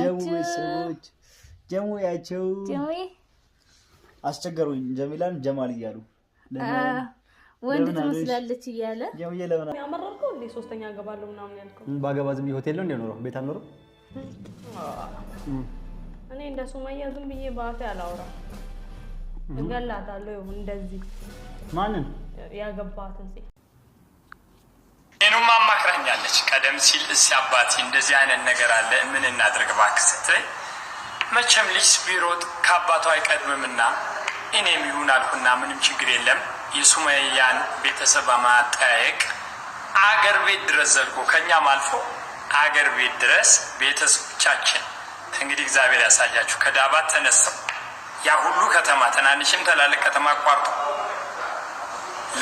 ጀሙ ቤተሰቦች ጀሙ ያቸው አስቸገሩኝ። ጀሚላን ጀማል እያሉ ወንድ ትመስላለች እያለ ጀሙዬ ለምን እንዴ? ሶስተኛ አገባለሁ ምናምን ያልከው ዝም ሆቴል ነው ቤት እኔ እንደ ሱማያ ዝም ብዬ በአፌ አላወራም፣ እገላታለሁ። ይሁን እንደዚህ ማንን ያገባትን ሴት ትለኛለች። ቀደም ሲል እስ አባቴ እንደዚህ አይነት ነገር አለ ምን እናድርግ እባክህ ስትለኝ መቼም ልጅ ቢሮጥ ከአባቱ አይቀድምምና እኔም ይሁን አልኩና ምንም ችግር የለም የሱመያን ቤተሰብ ማጠያየቅ አገር ቤት ድረስ ዘልቆ ከእኛም አልፎ አገር ቤት ድረስ ቤተሰቦቻችን እንግዲህ እግዚአብሔር ያሳያችሁ። ከዳባት ተነስተው ያ ሁሉ ከተማ ትናንሽም ትላልቅ ከተማ አቋርጦ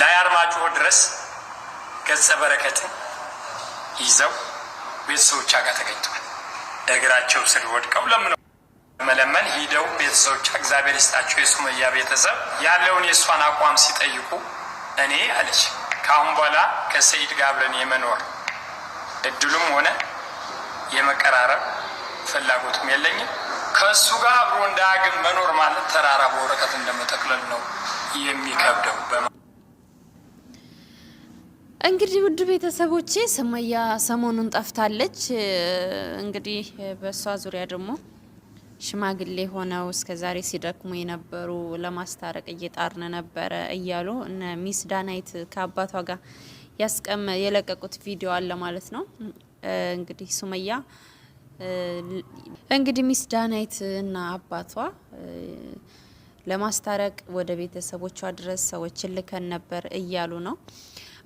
ላይ አርማጭሆ ድረስ ገጸ በረከትን ይዘው ቤተሰቦቿ ጋር ተገኝተዋል። እግራቸው ስር ወድቀው ለምነው መለመን ሂደው ቤተሰቦቿ እግዚአብሔር ይስጣቸው የሱመያ ቤተሰብ ያለውን የእሷን አቋም ሲጠይቁ እኔ አለች ከአሁን በኋላ ከሰይድ ጋር አብረን የመኖር እድሉም ሆነ የመቀራረብ ፍላጎትም የለኝም። ከእሱ ጋር አብሮ እንዳያግን መኖር ማለት ተራራ በወረቀት እንደመጠቅለል ነው የሚከብደው። እንግዲህ ውድ ቤተሰቦቼ ሱመያ ሰሞኑን ጠፍታለች። እንግዲህ በእሷ ዙሪያ ደግሞ ሽማግሌ ሆነው እስከ ዛሬ ሲደክሙ የነበሩ ለማስታረቅ እየጣርን ነበረ እያሉ እነ ሚስ ዳናይት ከአባቷ ጋር ያስቀመ የለቀቁት ቪዲዮ አለ ማለት ነው። እንግዲህ ሱመያ እንግዲህ ሚስ ዳናይት እና አባቷ ለማስታረቅ ወደ ቤተሰቦቿ ድረስ ሰዎች ልከን ነበር እያሉ ነው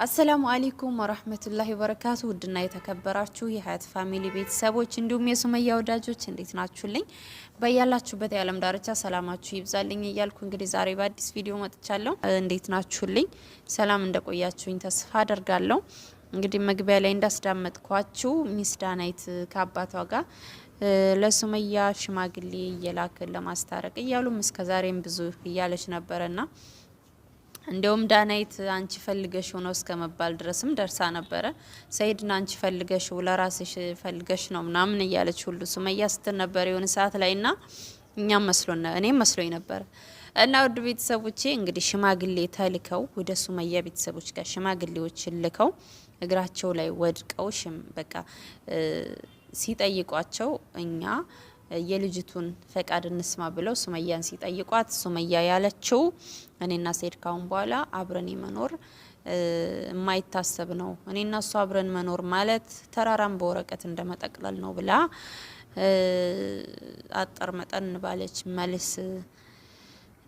አሰላሙ አሌይኩም ወረህመቱላሂ ወበረካቱ። ውድና የተከበራችሁ የሀያት ፋሚሊ ቤተሰቦች እንዲሁም የሱመያ ወዳጆች እንዴት ናችሁልኝ? በያላችሁበት የዓለም ዳርቻ ሰላማችሁ ይብዛልኝ እያልኩ እንግዲህ ዛሬ በአዲስ ቪዲዮ መጥቻለሁ። እንዴት ናችሁልኝ? ሰላም እንደቆያችሁኝ ተስፋ አደርጋለሁ። እንግዲህ መግቢያ ላይ እንዳስዳመጥኳችሁ ሚስ ዳናይት ከአባቷ ጋር ለሱመያ ሽማግሌ እየላክን ለማስታረቅ እያሉም እስከዛሬም ብዙ እያለች ነበረና እንዲሁም ዳናይት አንቺ ፈልገሽ ሆኖ እስከ መባል ድረስም ደርሳ ነበረ። ሰይድን አንቺ ፈልገሽ ለራስሽ ፈልገሽ ነው ምናምን እያለች ሁሉ ሱመያ ስትል ነበር የሆነ ሰዓት ላይ ና እኛም መስሎን እኔም መስሎኝ ነበር። እና ውድ ቤተሰቦቼ እንግዲህ ሽማግሌ ተልከው ወደ ሱመያ ቤተሰቦች ጋር ሽማግሌዎች ልከው እግራቸው ላይ ወድቀው ሽም በቃ ሲጠይቋቸው እኛ የልጅቱን ፈቃድ እንስማ ብለው ሱመያን ሲጠይቋት ሱመያ ያለችው እኔና ሴድ ካሁን በኋላ አብረን የመኖር የማይታሰብ ነው። እኔና እሱ አብረን መኖር ማለት ተራራን በወረቀት እንደመጠቅለል ነው ብላ አጠር መጠን ባለች መልስ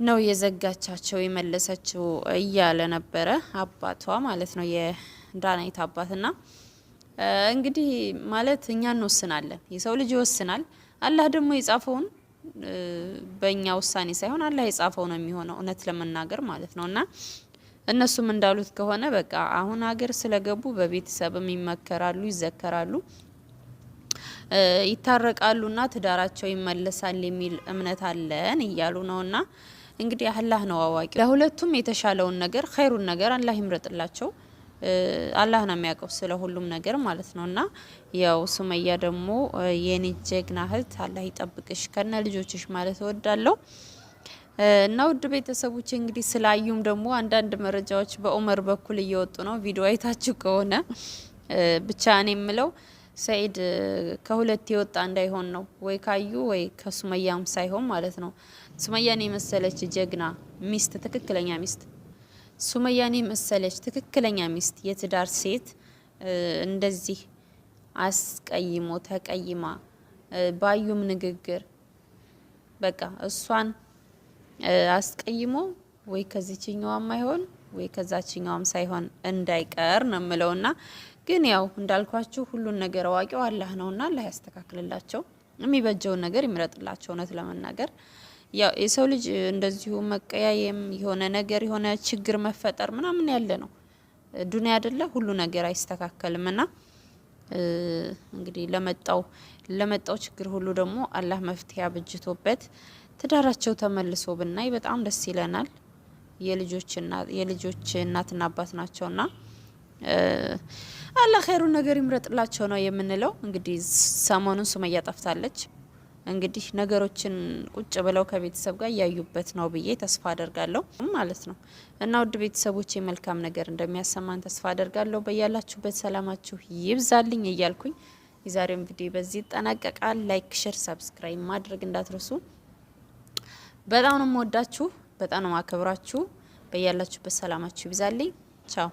ነው የዘጋቻቸው የመለሰችው እያለ ነበረ አባቷ ማለት ነው የዳናይት አባትና እንግዲህ ማለት እኛ እንወስናለን። የሰው ልጅ ይወስናል። አላህ ደግሞ የጻፈውን በእኛ ውሳኔ ሳይሆን አላህ የጻፈው ነው የሚሆነው፣ እውነት ለመናገር ማለት ነው። እና እነሱም እንዳሉት ከሆነ በቃ አሁን ሀገር ስለገቡ በቤተሰብም ይመከራሉ፣ ይዘከራሉ፣ ይታረቃሉና ትዳራቸው ይመለሳል የሚል እምነት አለን እያሉ ነውና እንግዲህ አላህ ነው አዋቂ። ለሁለቱም የተሻለውን ነገር ኸይሩን ነገር አላህ ይምረጥላቸው። አላህ ነው የሚያውቀው ስለ ሁሉም ነገር ማለት ነው። እና ያው ሱመያ ደግሞ የኔ ጀግና እህት አላህ ይጠብቅሽ ከነ ልጆችሽ ማለት እወዳለሁ። እና ውድ ቤተሰቦች እንግዲህ ስላዩም ደግሞ አንዳንድ መረጃዎች በኡመር በኩል እየወጡ ነው። ቪዲዮ አይታችሁ ከሆነ ብቻ እኔ የምለው ሰኢድ ከሁለት የወጣ እንዳይሆን ነው። ወይ ካዩ ወይ ከሱመያም ሳይሆን ማለት ነው። ሱመያን የመሰለች ጀግና ሚስት፣ ትክክለኛ ሚስት ሱመያኔ መሰለች ትክክለኛ ሚስት የትዳር ሴት እንደዚህ አስቀይሞ ተቀይማ ባዩም ንግግር በቃ እሷን አስቀይሞ ወይ ከዚችኛዋም አይሆን ወይ ከዛችኛዋም ሳይሆን እንዳይቀር ነው ምለውና ግን ያው እንዳልኳችሁ ሁሉን ነገር አዋቂው አላህ ነውና አላህ ያስተካክልላቸው፣ የሚበጀውን ነገር ይምረጥላቸው እውነት ለመናገር ያው የሰው ልጅ እንደዚሁ መቀያየም የሆነ ነገር የሆነ ችግር መፈጠር ምናምን ያለ ነው። ዱንያ አይደለ ሁሉ ነገር አይስተካከልም። ና እንግዲህ ለመጣው ለመጣው ችግር ሁሉ ደግሞ አላህ መፍትሄ አብጅቶበት ትዳራቸው ተመልሶ ብናይ በጣም ደስ ይለናል። የልጆች እናትና አባት ና አላህ ኸይሩን ነገር ይምረጥላቸው ነው የምንለው። እንግዲህ ሰሞኑን ሱመያ ጠፍታለች። እንግዲህ ነገሮችን ቁጭ ብለው ከቤተሰብ ጋር እያዩበት ነው ብዬ ተስፋ አደርጋለሁ ማለት ነው። እና ውድ ቤተሰቦች መልካም ነገር እንደሚያሰማን ተስፋ አደርጋለሁ። በያላችሁበት ሰላማችሁ ይብዛልኝ እያልኩኝ የዛሬውን ቪዲዮ በዚህ ይጠናቀቃል። ላይክ፣ ሸር፣ ሰብስክራይብ ማድረግ እንዳትረሱ። በጣም ነው የምወዳችሁ፣ በጣም ነው የማከብራችሁ። በያላችሁበት ሰላማችሁ ይብዛልኝ። ቻው